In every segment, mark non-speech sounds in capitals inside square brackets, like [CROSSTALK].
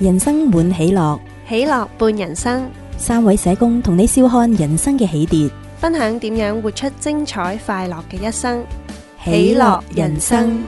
人生滿喜樂，喜樂伴人生。三位社工同你笑看人生嘅起跌，分享點樣活出精彩快樂嘅一生。喜樂人生。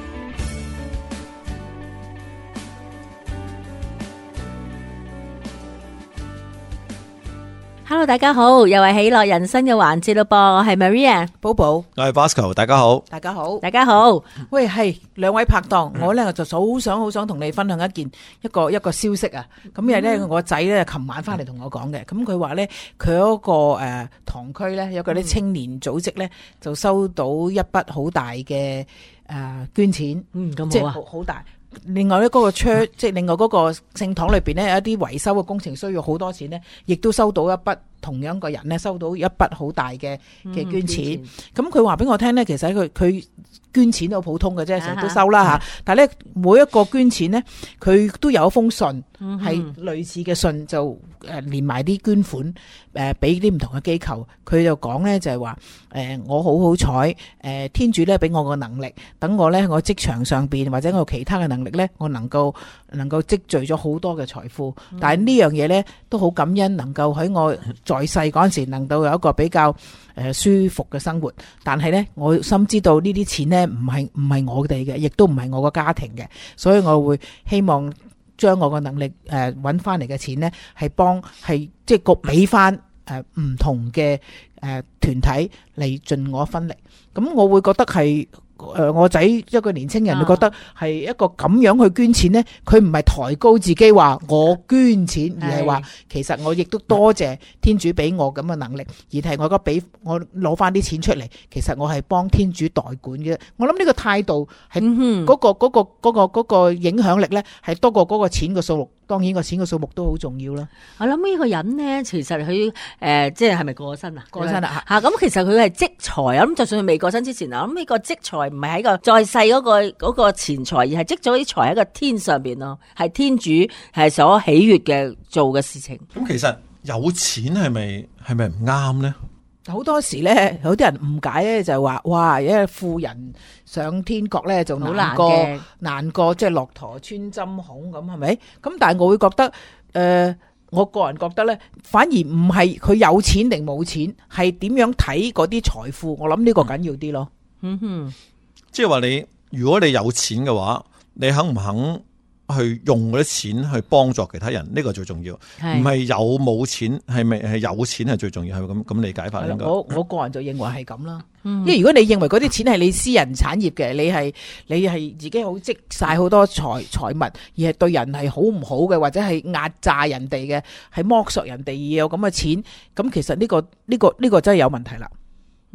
大家好，又係喜樂人生嘅環節咯噃，我係 Maria，寶寶，我係 Bosco，大家好，大家好，大家好。喂，係兩位拍檔，我呢，就好想好想同你分享一件一個一個消息啊。咁因為呢，嗯、我仔呢，琴晚翻嚟同我講嘅，咁佢話呢，佢嗰、嗰個誒堂區呢，有嗰啲青年組織呢，就收到一筆好大嘅誒、呃、捐錢。嗯，咁好啊，好、就是、大。另外，church, 另外呢，嗰個車，即係另外嗰個聖堂裏邊呢，有一啲維修嘅工程需要好多錢呢，亦都收到一筆。同樣個人呢，收到一筆好大嘅嘅捐錢，咁佢話俾我聽呢，其實佢佢捐錢都普通嘅啫，成日都收啦、啊、但係咧，每一個捐錢呢，佢都有一封信，係、嗯、類似嘅信，就誒連埋啲捐款誒俾啲唔同嘅機構。佢就講呢，就係、是、話我好好彩誒，天主咧俾我個能力，等我呢，我職場上面或者我其他嘅能力呢，我能夠能夠積聚咗好多嘅財富。嗯、但係呢樣嘢呢，都好感恩，能夠喺我。在世嗰陣時，能夠有一個比較誒舒服嘅生活，但係咧，我深知道呢啲錢咧唔係唔係我哋嘅，亦都唔係我個家庭嘅，所以我會希望將我個能力誒揾翻嚟嘅錢咧，係幫係即係焗俾翻誒唔同嘅誒團體嚟盡我分力，咁我會覺得係。誒、呃，我仔一個年青人，佢覺得係一個咁樣去捐錢呢，佢唔係抬高自己話我捐錢，而係話其實我亦都多謝天主俾我咁嘅能力，而係我覺得俾我攞翻啲錢出嚟，其實我係幫天主代管嘅。我諗呢個態度係嗰個嗰個嗰個嗰個影響力呢，係多過嗰個錢嘅數目。當然個錢嘅數目都好重要啦。我諗呢個人呢，其實佢誒、呃，即係係咪過身啊？過身啦吓。咁，其實佢係積財啊。咁就算佢未過身之前啊，咁呢個積財唔係喺個在世嗰個個錢財，而係積咗啲財喺個天上邊咯。係天主係所喜悅嘅做嘅事情。咁其實有錢係咪係咪唔啱呢？好多時咧，有啲人誤解咧，就係話哇，一富人上天國咧，就好難過難，難過，即係駱駝穿針孔咁，係咪？咁但係我會覺得，誒、呃，我個人覺得咧，反而唔係佢有錢定冇錢，係點樣睇嗰啲財富，我諗呢個緊要啲咯。嗯哼， [LAUGHS] 即係話你，如果你有錢嘅話，你肯唔肯？去用嗰啲錢去幫助其他人，呢、這個最重要，唔係有冇錢，係咪係有錢係最重要係咪，咁咁理解法。我我個人就認為係咁啦，嗯、因為如果你認為嗰啲錢係你私人產業嘅，你係你係自己好積晒好多財財物，而係對人係好唔好嘅，或者係壓榨人哋嘅，係剝削人哋而有咁嘅錢，咁其實呢、這個呢、這個呢、這個真係有問題啦。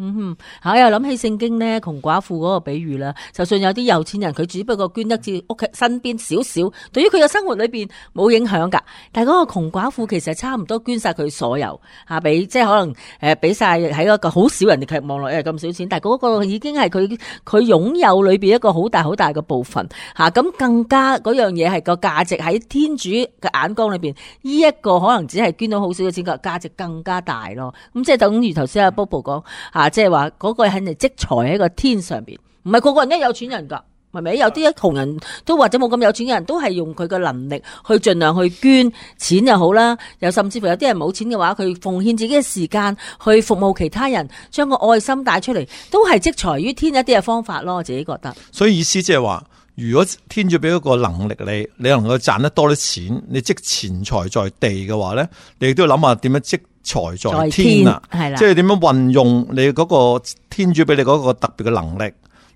嗯哼，我又諗起聖經咧窮寡婦嗰個比喻啦。就算有啲有錢人，佢只不過捐得自己屋企身邊少少，對於佢嘅生活裏邊冇影響噶。但係嗰個窮寡婦其實差唔多捐晒佢所有吓，俾即係可能誒，俾晒喺一個好少人嘅期望落咁少錢，但係嗰個已經係佢佢擁有裏邊一個好大好大嘅部分吓。咁更加嗰樣嘢係個價值喺天主嘅眼光裏邊，呢一個可能只係捐到好少嘅錢，個價值更加大咯。咁即係等於頭先阿 Bobo 講吓。即係話嗰個人肯定積財喺個天上邊，唔係個個人都有錢人噶係咪？有啲窮人都或者冇咁有，有錢嘅人都係用佢嘅能力去盡量去捐錢又好啦，又甚至乎有啲人冇錢嘅話，佢奉獻自己嘅時間去服務其他人，將個愛心帶出嚟，都係積財於天一啲嘅方法咯。我自己覺得，所以意思即係話，如果天主俾一個能力你，你能夠賺得多啲錢，你積錢財在地嘅話咧，你都要諗下點樣積。財在天啊，係啦，即係點樣運用你嗰個天主俾你嗰個特別嘅能力，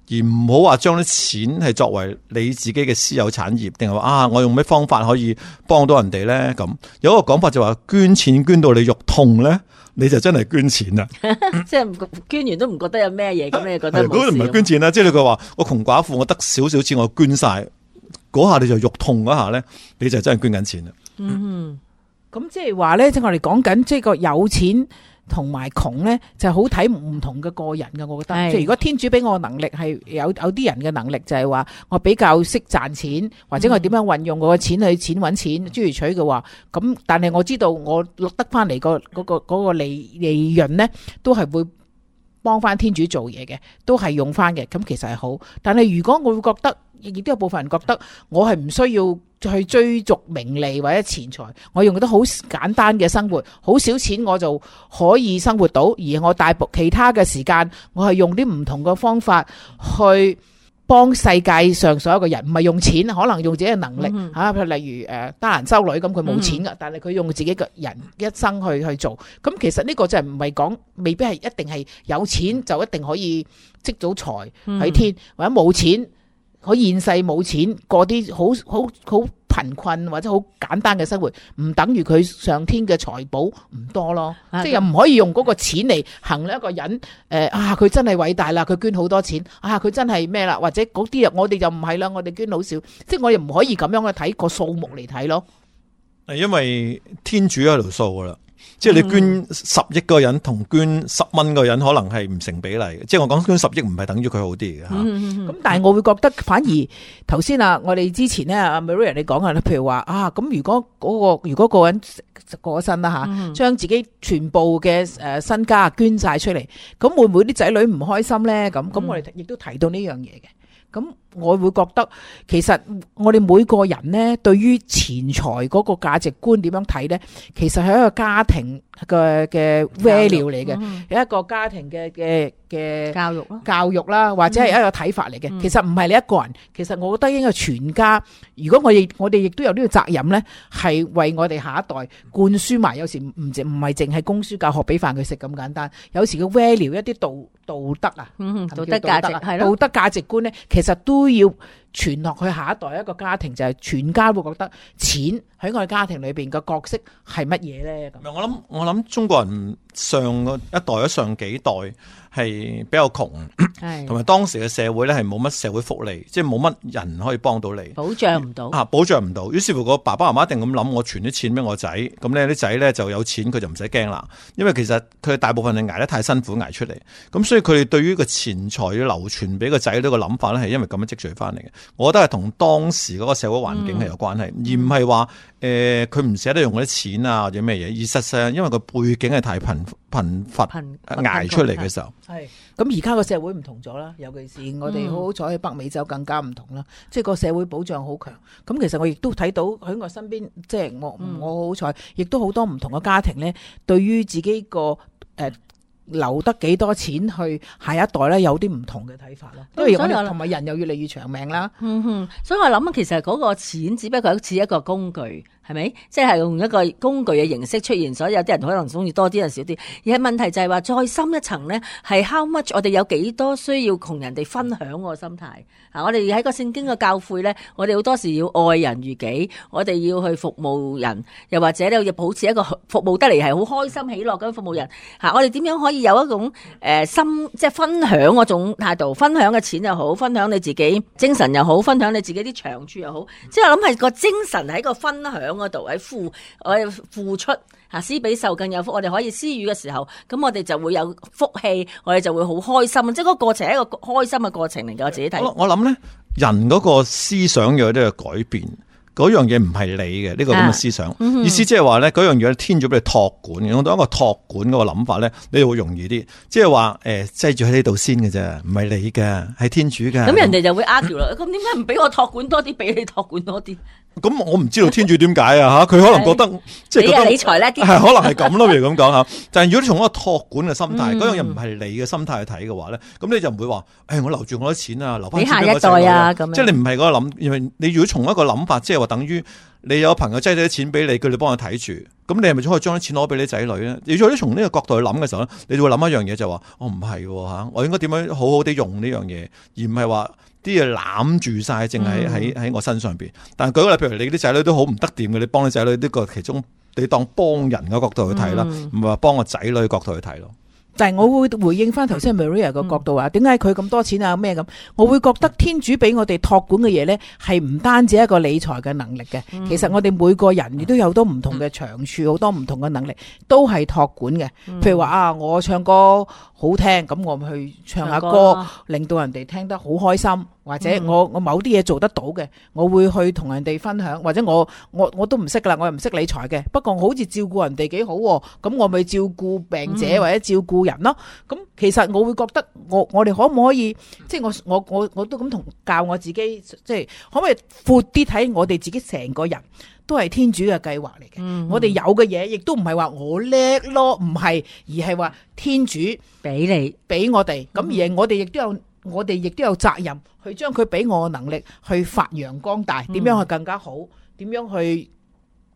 而唔好話將啲錢係作為你自己嘅私有產業，定係話啊，我用咩方法可以幫到人哋咧？咁有一個講法就話捐錢捐到你肉痛咧，你就真係捐錢啦。即 [LAUGHS] 係捐完都唔覺得有咩嘢，咁 [LAUGHS] 你覺得？如果唔係捐錢啦，即係你佢話我窮寡婦，我得少少錢，我捐晒嗰下你就肉痛嗰下咧，你就真係捐緊錢啦。嗯。咁即係話呢，即係我哋講緊即係個有錢同埋窮呢，就好睇唔同嘅個人噶。我覺得，即係如果天主俾我能力係有有啲人嘅能力，就係話我比較識賺錢，或者我點樣運用我嘅錢去錢搵錢，諸如取嘅話，咁但係我知道我得翻嚟個嗰個嗰個利利潤呢，都係會。幫翻天主做嘢嘅，都係用翻嘅，咁其實係好。但係如果我會覺得，亦都有部分人覺得我係唔需要去追逐名利或者錢財，我用啲好簡單嘅生活，好少錢我就可以生活到，而我大部其他嘅時間，我係用啲唔同嘅方法去。幫世界上所有嘅人，唔係用錢，可能用自己嘅能力嚇。譬、嗯哼啊、例如誒，德蘭修女咁，佢冇錢噶，嗯、哼但係佢用自己嘅人一生去去做。咁其實呢個就係唔係講，未必係一定係有錢就一定可以積到財喺天，嗯、哼或者冇錢。佢現世冇錢過啲好好好貧困或者好簡單嘅生活，唔等於佢上天嘅財寶唔多咯。即係又唔可以用嗰個錢嚟衡量一個人。誒啊！佢真係偉大啦！佢捐好多錢啊！佢真係咩啦？或者嗰啲又我哋就唔係啦。我哋捐好少，即係我哋唔可以咁樣去睇個數目嚟睇咯。係因為天主喺度數噶啦。即係你捐十億個人同捐十蚊個人，可能係唔成比例嘅。即係我講捐十億唔係等於佢好啲嘅嚇。咁但係我會覺得反而頭先、嗯、啊，我哋之前咧 Marian 你講啊，譬如話啊，咁如果嗰、嗰個如果個人過咗身啦吓，將自己全部嘅誒身家捐晒出嚟，咁會唔會啲仔女唔開心咧？咁咁我哋亦都提到呢樣嘢嘅。咁我會覺得，其實我哋每個人呢，對於錢財嗰個價值觀點樣睇呢？其實係一個家庭嘅 value 嚟嘅，一個家庭嘅嘅嘅教育教育啦，或者係一個睇法嚟嘅、嗯嗯。其實唔係你一個人，其實我覺得應該全家。如果我亦我哋亦都有呢個責任咧，係為我哋下一代灌輸埋。有時唔唔唔係淨係供書教學俾飯佢食咁簡單，有時個 value 一啲道道德啊，是是道德價值係道德價值觀咧，其實都要。，傳落去下一代，一個家庭就係、是、全家會覺得錢喺我哋家庭裏面個角色係乜嘢呢？我諗，我諗中國人。上一代或者上幾代係比較窮，同埋當時嘅社會咧係冇乜社會福利，即係冇乜人可以幫到你，保障唔到，保障唔到。於是乎個爸爸媽媽一定咁諗，我存啲錢俾我仔，咁呢啲仔咧就有錢，佢就唔使驚啦。因為其實佢大部分係捱得太辛苦捱出嚟，咁所以佢哋對於個錢財要流傳俾個仔呢個諗法咧，係因為咁樣積聚翻嚟嘅。我覺得係同當時嗰個社會環境係有關係，嗯、而唔係話誒佢唔捨得用啲錢啊或者咩嘢。而實際因為個背景係太貧。頻發捱出嚟嘅時候，係咁而家個社會唔同咗啦，尤其是我哋好好彩喺北美洲更加唔同啦，嗯、即係個社會保障好強。咁其實我亦都睇到喺我身邊，即係我我好彩，亦都好多唔同嘅家庭呢，對於自己個誒、呃、留得幾多錢去下一代呢，有啲唔同嘅睇法啦。因為而家同埋人又越嚟越長命啦。嗯哼、嗯，所以我諗其實嗰個錢只不過似一個工具。係咪？即係用一個工具嘅形式出現，所以有啲人可能中意多啲，又少啲。而係問題就係話，再深一層呢，係 how much？我哋有幾多需要同人哋分享個心態？吓、啊，我哋喺個聖經嘅教誨呢，我哋好多時要愛人如己，我哋要去服務人，又或者你要保持一個服務得嚟係好開心喜樂咁服務人。吓、啊，我哋點樣可以有一種誒、呃、心，即係分享嗰種態度？分享嘅錢又好，分享你自己精神又好，分享你自己啲長處又好。即係諗係個精神係一個分享。喺嗰度喺付，我哋付出嚇，施比受更有福。我哋可以施予嘅時候，咁我哋就會有福氣，我哋就會好開心。即係嗰個過程係一個開心嘅過程嚟嘅。我自己睇，我諗咧人嗰個思想有啲嘅改變嗰樣嘢唔係你嘅，呢個咁嘅思想意思、啊嗯，意思即係話咧，嗰樣嘢天主俾你託管，用到一個託管嗰個諗法咧，你會容易啲。即係話誒，擠、欸、住喺呢度先嘅啫，唔係你嘅，係天主嘅。咁人哋就會呃住咯。咁、嗯啊、點解唔俾我託管多啲，俾你託管多啲？咁我唔知道天主點解啊嚇？佢 [LAUGHS] 可能覺得即係、就是、理財咧，係 [LAUGHS] 可能係咁咯，譬如咁講嚇。但係如果你從一個託管嘅心態，嗰樣嘢唔係你嘅心態去睇嘅話咧，咁你就唔會話、欸、我留住我多錢啊，留翻你下一代啊，咁樣。即係你唔係嗰個諗你如果從一個諗法，即、就、係、是就等於你有朋友擠咗啲錢俾你，叫你幫我睇住，咁你係咪都可以將啲錢攞俾你仔女咧？你如果從呢個角度去諗嘅時候咧，你就會諗一樣嘢，就話我唔係吓，我應該點樣好好地用呢樣嘢，而唔係話啲嘢攬住晒，淨係喺喺我身上邊。但係舉個例，譬如你啲仔女都好唔得掂嘅，你幫你仔女呢個其中，你當幫人嘅角度去睇啦，唔係話幫個仔女嘅角度去睇咯。但係我會回應翻頭先 Maria 個角度話，點解佢咁多錢啊咩咁？我會覺得天主俾我哋託管嘅嘢呢，係唔單止一個理財嘅能力嘅。其實我哋每個人亦都有好多唔同嘅長處，好多唔同嘅能力都係託管嘅。譬如話啊，我唱歌好聽，咁我去唱下歌，令到人哋聽得好開心。或者我我某啲嘢做得到嘅，我會去同人哋分享。或者我我我都唔識噶啦，我又唔識理財嘅。不過好似照顧人哋幾好，咁我咪照顧病者或者照顧人咯。咁、嗯、其實我會覺得我可可，我我哋可唔可以即係我我我我都咁同教我自己，即係可唔可以闊啲睇我哋自己成個人都係天主嘅計劃嚟嘅？我哋有嘅嘢亦都唔係話我叻咯，唔係而係話天主俾你俾我哋咁，而我哋亦都有。我哋亦都有責任去將佢俾我嘅能力去發揚光大，點樣去更加好？點樣去？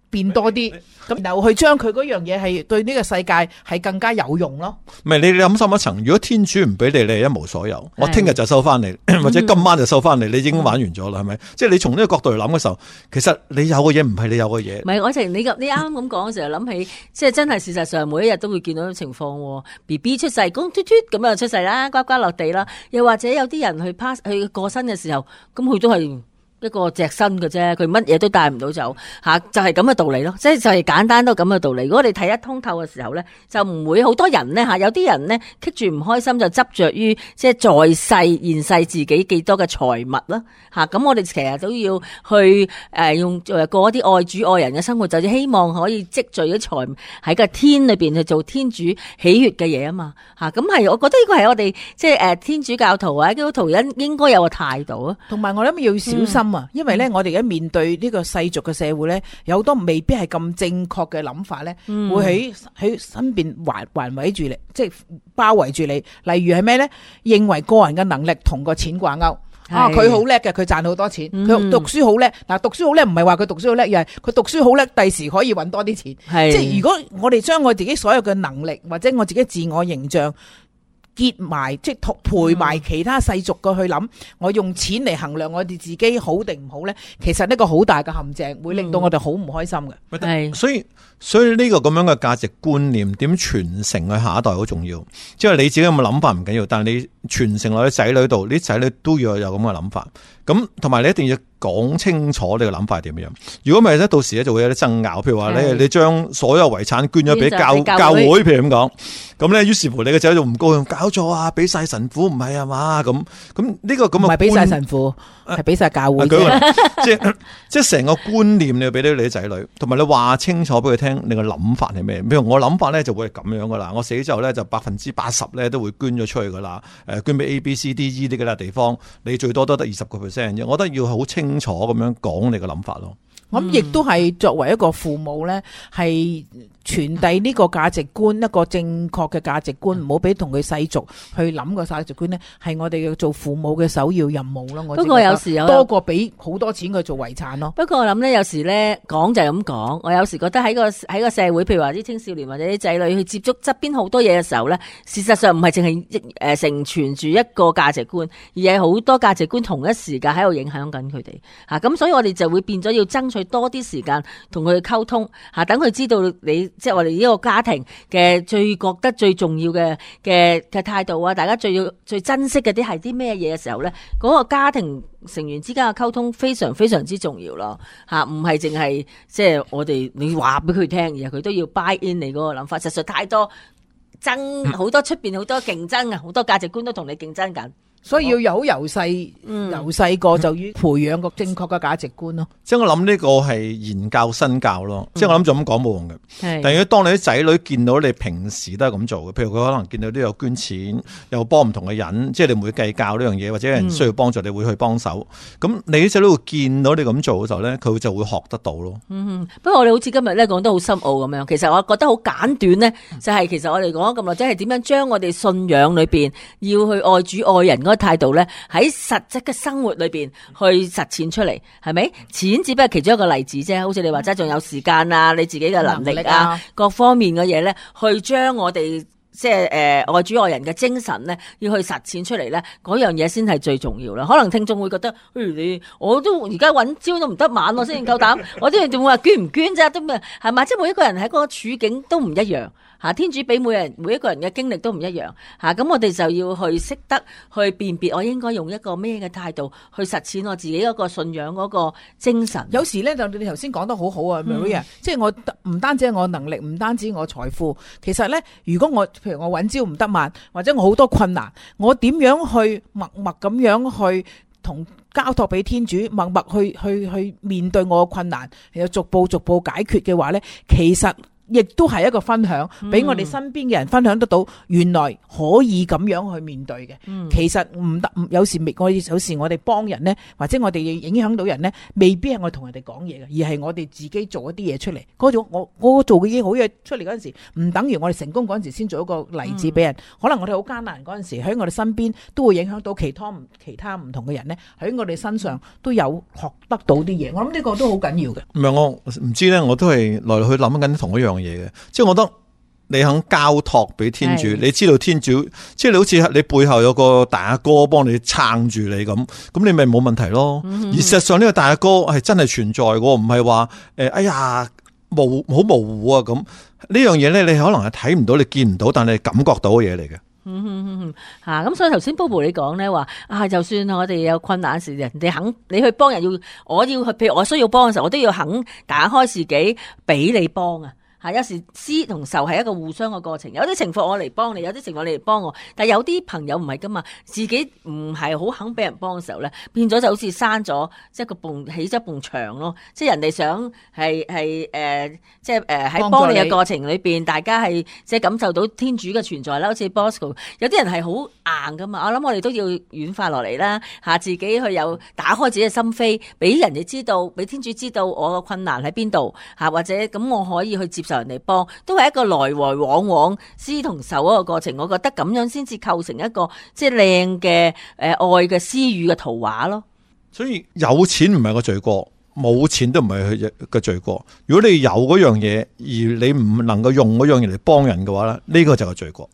變多啲，咁然後去將佢嗰樣嘢係對呢個世界係更加有用咯。唔係你諗深一層，如果天主唔俾你，你係一無所有。我聽日就收翻你，或者今晚就收翻你，你已經玩完咗啦，係咪、嗯？即係你從呢個角度嚟諗嘅時候，其實你有嘅嘢唔係你有嘅嘢。唔、嗯、係，我成你你啱啱咁講嘅時候諗起，即係真係事實上每一日都會見到種情況。B B 出世，咁又出世啦，呱呱落地啦，又或者有啲人去 pass，去過身嘅時候，咁佢都係。一個隻身嘅啫，佢乜嘢都帶唔到走，吓就係咁嘅道理咯。即係就係、是、簡單都咁嘅道理。如果你睇得通透嘅時候咧，就唔會好多人咧吓。有啲人呢棘住唔開心就執着於即係在世現世自己幾多嘅財物啦吓。咁我哋其實都要去誒用誒過一啲愛主愛人嘅生活，就希望可以積聚咗財物喺個天裏邊去做天主喜悅嘅嘢啊嘛吓。咁係，我覺得呢個係我哋即係誒天主教徒啊，基督徒應應該有個態度啊。同埋我諗要小心。因為咧，我哋而家面對呢個世俗嘅社會咧，有好多未必係咁正確嘅諗法咧，會喺喺身邊環環圍住你，即係包圍住你。例如係咩咧？認為個人嘅能力同個錢掛鈎，嗯、啊，佢好叻嘅，佢賺好多錢，佢讀書好叻。嗱，讀書好叻唔係話佢讀書好叻，而係佢讀書好叻，第時可以搵多啲錢。即係如果我哋將我自己所有嘅能力或者我自己自我形象，結埋即係同陪埋其他世俗嘅去諗，嗯，我用錢嚟衡量我哋自己好定唔好呢？其實呢個好大嘅陷阱，會令到我哋好唔開心嘅，嗯。所以所以呢個咁樣嘅價值觀念點傳承去下一代好重要。即係你自己有冇諗法唔緊要，但係你傳承落去仔女度，啲仔女都要有咁嘅諗法。咁同埋你一定要講清楚你個諗法係點樣，如果唔係咧，到時咧就會有啲爭拗。譬如話咧，你將所有遺產捐咗俾教教會，教會，譬如咁講，咁咧於是乎你個仔就唔高興，搞錯啊，俾晒神父，唔係啊嘛，咁咁呢個咁啊，唔係俾晒神父。係俾晒教會、啊啊啊嗯啊、即係即係成個觀念你要俾啲你啲仔女，同埋你話清楚俾佢聽你個諗法係咩？譬如我諗法咧就會係咁樣噶啦，我死之後咧就百分之八十咧都會捐咗出去噶啦，誒捐俾 A B C D E 啲噶啦地方，你最多都得二十個 percent 我覺得要好清楚咁樣講你個諗法咯。咁亦都係作為一個父母咧，係。傳遞呢個價值觀，一個正確嘅價值觀，唔好俾同佢世俗。去諗個價值觀呢，係我哋要做父母嘅首要任務咯。我覺得不過有時有多過俾好多錢佢做遺產咯。不過我諗呢，有時呢講就係咁講，我有時覺得喺個喺個社會，譬如話啲青少年或者啲仔女去接觸側邊好多嘢嘅時候呢，事實上唔係淨係誒成全住一個價值觀，而係好多價值觀同一時間喺度影響緊佢哋吓。咁所以我哋就會變咗要爭取多啲時間同佢溝通吓，等佢知道你。即係我哋呢個家庭嘅最覺得最重要嘅嘅嘅態度啊，大家最要最珍惜嗰啲係啲咩嘢嘅時候咧？嗰個家庭成員之間嘅溝通非常非常之重要咯。吓，唔係淨係即係我哋你話俾佢聽，而佢都要 buy in 你嗰個諗法。實在太多爭，好多出邊好多競爭啊，好多價值觀都同你競爭緊。所以要有由細由細個就要培養個正確嘅價值觀咯。即、嗯、係、嗯、我諗呢個係言教身教咯。即、嗯、係我諗就咁講冇用嘅。但如果當你啲仔女見到你平時都係咁做嘅，譬如佢可能見到呢度捐錢又幫唔同嘅人，即係你唔會計較呢樣嘢，或者有人需要幫助你，你會去幫手。咁、嗯、你啲仔女見到你咁做嘅時候咧，佢就會學得到咯，嗯嗯。不過我哋好似今日咧講得好深奧咁樣。其實我覺得好簡短咧，就係、是、其實我哋講咁耐，即係點樣將我哋信仰裏邊要去愛主愛人的態度咧喺實質嘅生活裏邊去實踐出嚟，係咪錢只不過其中一個例子啫？好似你話齋，仲有時間啊，你自己嘅能、啊、能力啊，各方面嘅嘢咧，去將我哋即係誒愛主愛人嘅精神咧，要去實踐出嚟咧，嗰樣嘢先係最重要啦。可能聽眾會覺得，誒、哎、你我都而家揾朝都唔得晚，夠膽 [LAUGHS] 我先至夠膽，我先至會話捐唔捐啫，都咩係嘛？即係每一個人喺嗰個處境都唔一樣。吓，天主俾每人每一個人嘅經歷都唔一樣，吓，咁我哋就要去識得去辨別，我應該用一個咩嘅態度去實踐我自己嗰個信仰嗰個精神。有時咧就你頭先講得好好啊，Maria，即係我唔單止係我能力，唔單止我財富，其實咧，如果我譬如我搵招唔得慢，或者我好多困難，我點樣去默默咁樣去同交託俾天主，默默去去去面對我嘅困難，又逐步逐步解決嘅話咧，其實。亦都係一個分享，俾我哋身邊嘅人分享得到，原來可以咁樣去面對嘅。其實唔得，有時未，有時我哋幫人呢，或者我哋影響到人呢，未必係我同人哋講嘢嘅，而係我哋自己做一啲嘢出嚟。嗰種我我做嘅嘢好嘢出嚟嗰陣時，唔等於我哋成功嗰陣時先做一個例子俾人。嗯、可能我哋好艱難嗰陣時，喺我哋身邊都會影響到其他其他唔同嘅人呢。喺我哋身上都有學得到啲嘢。我諗呢個都好緊要嘅。唔係我唔知呢，我都係來來去諗緊同一樣。嘢嘅，即係我覺得你肯交託俾天主，你知道天主，即係你好似你背後有個大阿哥幫你撐住你咁，咁你咪冇問題咯。嗯、而實際上呢個大阿哥係真係存在的，唔係話誒，哎呀，冇，好模糊啊咁。呢樣嘢咧，你可能係睇唔到，你見唔到，但係感覺到嘅嘢嚟嘅。吓、嗯，咁、啊、所以頭先 Bobo 你講咧話，啊，就算我哋有困難時，人哋肯你去幫人要，我要去，譬如我需要幫嘅時候，我都要肯打開自己俾你幫啊。吓，有時施同受係一個互相嘅過程。有啲情況我嚟幫你，有啲情況你嚟幫我。但係有啲朋友唔係噶嘛，自己唔係好肯俾人幫嘅時候咧，變咗就好似閂咗，即係個埲起咗埲牆咯。即係人哋想係係誒，即係誒喺幫你嘅過程裏面，大家係即係感受到天主嘅存在啦。好似 Bosco，有啲人係好硬噶嘛。我諗我哋都要軟化落嚟啦。嚇，自己去有打開自己嘅心扉，俾人哋知道，俾天主知道我嘅困難喺邊度嚇，或者咁我可以去接。常嚟幫，都係一個來來往往、施同受一個過程。我覺得咁樣先至構成一個即係靚嘅誒愛嘅施與嘅圖畫咯。所以有錢唔係個罪過，冇錢都唔係佢嘅罪過。如果你有嗰樣嘢，而你唔能夠用嗰樣嘢嚟幫人嘅話咧，呢個就係罪過。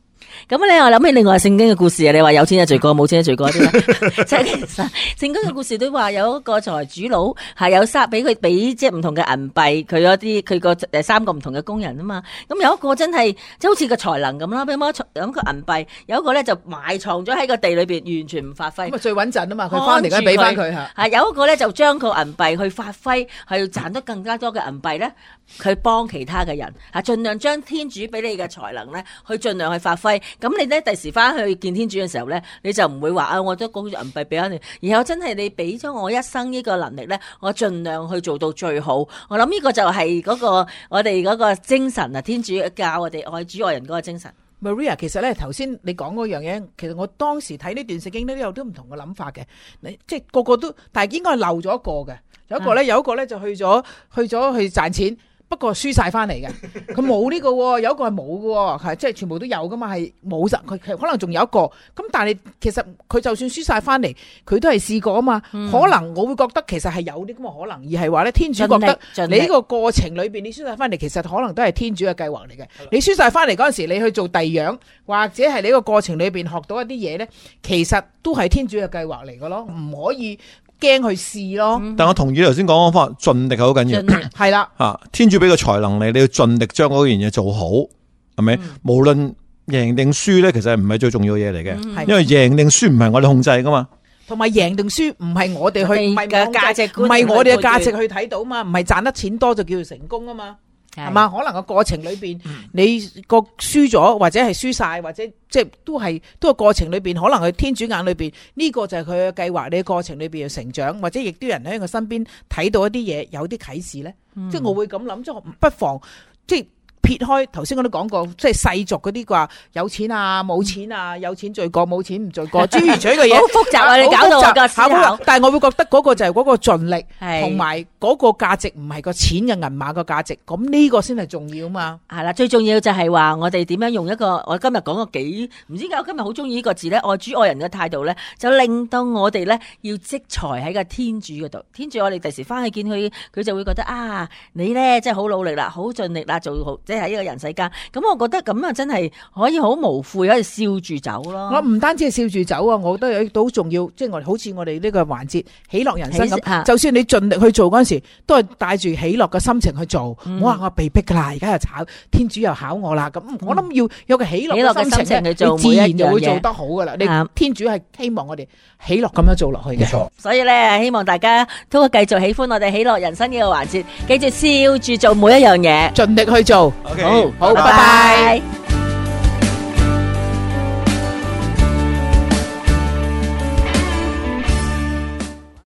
咁你又諗起另外聖經嘅故事啊！你話有錢嘅罪過，冇錢嘅罪過啲啦。即係其實聖 [LAUGHS] 經嘅故事都話有一個財主佬係有三俾佢俾即係唔同嘅銀幣，佢嗰啲佢個三個唔同嘅工人啊嘛。咁有一個真係即係好似個才能咁啦，俾乜咁個銀幣？有一個咧就埋藏咗喺個地裏邊，完全唔發揮。咁最穩陣啊嘛，佢翻嚟梗係俾翻佢吓。有一個咧就將個銀幣去發揮，要賺得更加多嘅銀幣咧，佢幫其他嘅人啊，盡量將天主俾你嘅才能咧，去盡量去發揮。咁你咧第時翻去見天主嘅時候咧，你就唔會話啊，我都工作銀幣俾翻你。然後真係你俾咗我一生呢個能力咧，我盡量去做到最好。我諗呢個就係嗰、嗰個我哋嗰個精神啊，天主教我哋愛主愛人嗰個精神。Maria，其實咧頭先你講嗰樣嘢，其實我當時睇呢段聖經呢都有啲唔同嘅諗法嘅。你即係個個都，但係應該係漏咗一個嘅，有一個咧，有一個咧就去咗去咗去賺錢。不過輸晒翻嚟嘅，佢冇呢個，有一個係冇嘅，係即係全部都有噶嘛，係冇實佢可能仲有一個，咁但係其實佢就算輸晒翻嚟，佢都係試過啊嘛、嗯，可能我會覺得其實係有啲咁嘅可能，而係話咧天主覺得你呢個過程裏邊你輸晒翻嚟，其實可能都係天主嘅計劃嚟嘅，你輸晒翻嚟嗰陣時你去做第二樣或者係你呢個過程裏邊學到一啲嘢咧，其實都係天主嘅計劃嚟嘅咯，唔可以。驚去試咯、嗯，但我同意你頭先講嗰個方法，盡力係好緊要，係啦吓，天主俾個才能你，你要盡力將嗰件嘢做好，係咪、嗯？無論贏定輸咧，其實唔係最重要嘅嘢嚟嘅，因為贏定輸唔係我哋控制噶嘛，同埋贏定輸唔係我哋去，唔係價值，唔係我哋嘅價值去睇到嘛，唔係賺得錢多就叫做成功啊嘛。嗯係嘛？可能個過程裏邊，你個輸咗，或者係輸晒，或者即係都係都係過程裏邊，可能喺天主眼裏邊呢、這個就係佢嘅計劃。你過程裏邊嘅成長，或者亦都有人喺佢身邊睇到一啲嘢，有啲啟示咧、嗯。即係我會咁諗，我不妨即係。撇開頭先，我都講過，即係世俗嗰啲話有錢啊、冇錢啊，有錢罪過，冇錢唔罪過，諸如此類嘅嘢。好複雜啊！你搞到，好複雜嘅思考。但係我會覺得嗰個就係嗰個盡力，同埋嗰個價值唔係個錢嘅銀碼個價值，咁呢個先係重要啊嘛。係啦，最重要就係話我哋點樣用一個我今日講個幾唔知點解我今日好中意呢個字咧，愛主愛人嘅態度咧，就令到我哋咧要積財喺個天主嗰度。天主我，我哋第時翻去見佢，佢就會覺得啊，你咧真係好努力啦，好盡力啦，做好。喺呢個人世間，咁我覺得咁啊，真係可以好無悔，可以笑住走咯。我唔單止係笑住走啊，我覺得亦都好重要。即係我哋好似我哋呢個環節，喜樂人生咁。就算你盡力去做嗰陣時，都係帶住喜樂嘅心情去做。我話我被逼噶啦，而家又炒，天主又考我啦。咁我諗要有個喜樂嘅心情去做，自然就會做得好噶啦。天主係希望我哋喜樂咁樣做落去嘅。所以咧，希望大家都會繼續喜歡我哋喜樂人生呢個環節，記住笑住做每一樣嘢，盡力去做。OK，好，拜拜。